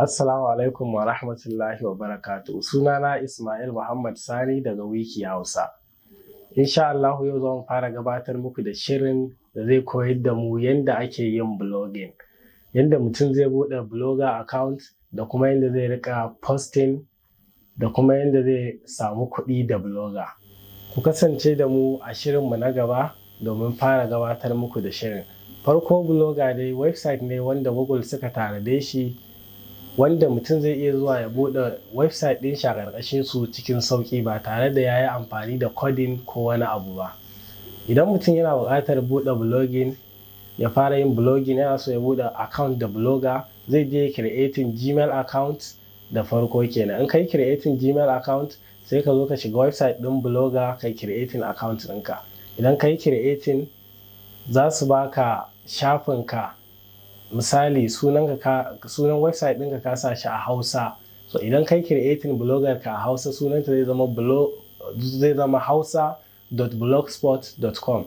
Assalamu alaikum wa rahmatullahi wa barakatu. Sunana Ismail Muhammad Sani daga Wiki Hausa. Insha Allahu yau zan fara gabatar muku da shirin da zai koyar da mu yanda ake yin blogging. Yadda mutum zai buɗe blogger account da kuma yadda zai rika posting da kuma yanda zai samu kuɗi da blogger. Ku kasance da mu a shirin mu na gaba domin fara gabatar muku da shirin. Farko blogger dai website ne wanda Google suka da shi wanda mutum zai iya zuwa ya bude website din shi a su cikin sauƙi ba tare da ya yi amfani da coding ko wani abu ba idan mutum yana buƙatar buɗe blogging ya fara yin blogging yana so ya buɗe account da blogger zai je creating gmail account da farko kenan in kai creating gmail account sai ka zo ka shiga website din blogger ka creating account ɗinka idan kai creating za su baka shafinka misali sunan website ɗinka ka sa shi a hausa so idan kai creating blogger ka a hausa sunanta zai zama zai zama hausa.blogspot.com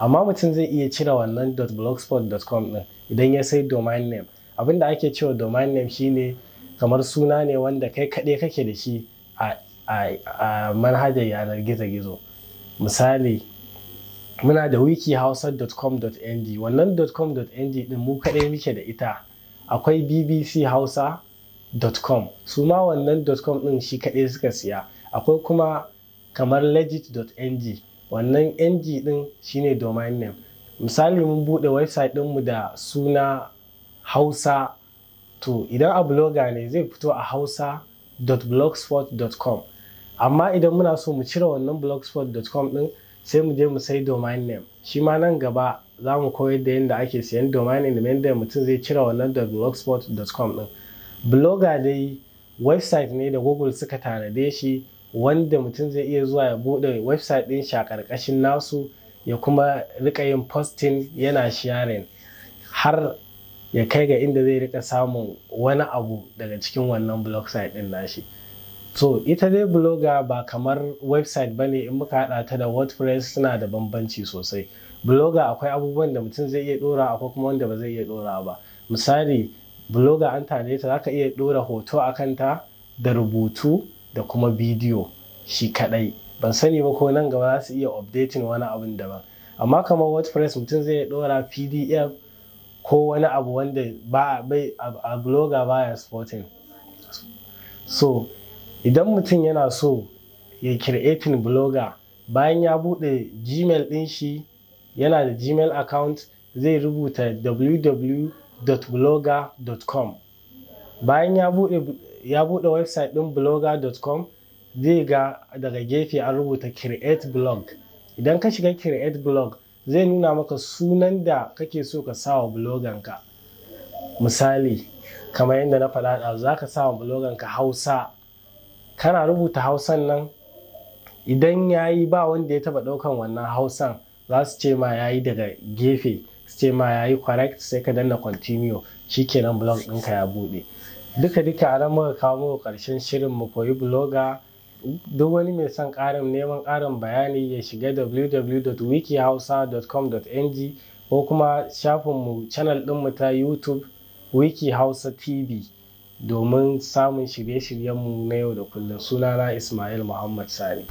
amma mutum zai iya cire wannan .blogspot.com ɗin idan ya sai domain name abinda ake cewa domain name shine kamar suna ne wanda kai kaɗai kake da shi a manhajar yanar gizo-gizo misali muna da wikihausa.com.ng wannan .com.ng din mu kaɗai muke da ita akwai bbchausa.com su ma wannan .com din shi kaɗai suka siya akwai kuma kamar legit.ng wannan ng din shine domain name misali mun buɗe website ɗinmu da suna hausa to idan a blogger ne zai fito a hausa.blogspot.com amma idan muna so mu cire wannan blogspot.com din. sai mu je mu sai domain name shi ma nan gaba za mu koyar da yadda ake siyan domain name yadda mutum zai cire wannan da blogspot.com din blogger dai website ne da google suka tanade shi wanda mutum zai iya zuwa ya bude website din shi a karkashin nasu ya kuma rika yin posting yana sharing har ya kai ga inda zai rika samun wani abu daga cikin wannan blog site din nashi. So ita dai blogger ba kamar website ne in muka haɗa ta da WordPress suna da bambanci sosai. Blogger akwai abubuwan da mutum zai iya ɗora akwai kuma wanda ba zai iya ɗora ba. Misali, blogger an tare ta zaka iya ɗora hoto a kanta da rubutu da kuma bidiyo shi kaɗai. Ban sani ba ko nan gaba za su iya updating wani abun daban. Amma kamar WordPress mutum zai iya ɗora PDF ko wani abu wanda ba a blogger baya supporting. So idan mutum yana so ya creating blogger bayan ya buɗe gmail ɗin shi yana da gmail account zai rubuta www.blogger.com bayan ya buɗe ya buɗe website ɗin blogger.com zai ga daga gefe an rubuta create blog idan ka shiga create blog zai nuna maka sunan da kake so ka sa sawa bloganka misali kamar yadda na faɗa za ka sawa ka hausa kana rubuta hausan nan idan ya yi ba wanda ya taba ɗaukan wannan hausan za su ce ma ya yi daga gefe su ce ma ya yi correct sai ka danna continue shikenan blog ɗinka ya buɗe duka duka a nan muka kawo muku ƙarshen shirin mu koyi blogger, duk wani mai son ƙarin neman ƙarin bayani ya shiga www.wikihausa.com.ng ko kuma shafin shafinmu channel ɗinmu ta youtube wiki hausa tv domin samun shirye-shiryenmu na yau da kullum. Sunana Ismail Muhammad Sani.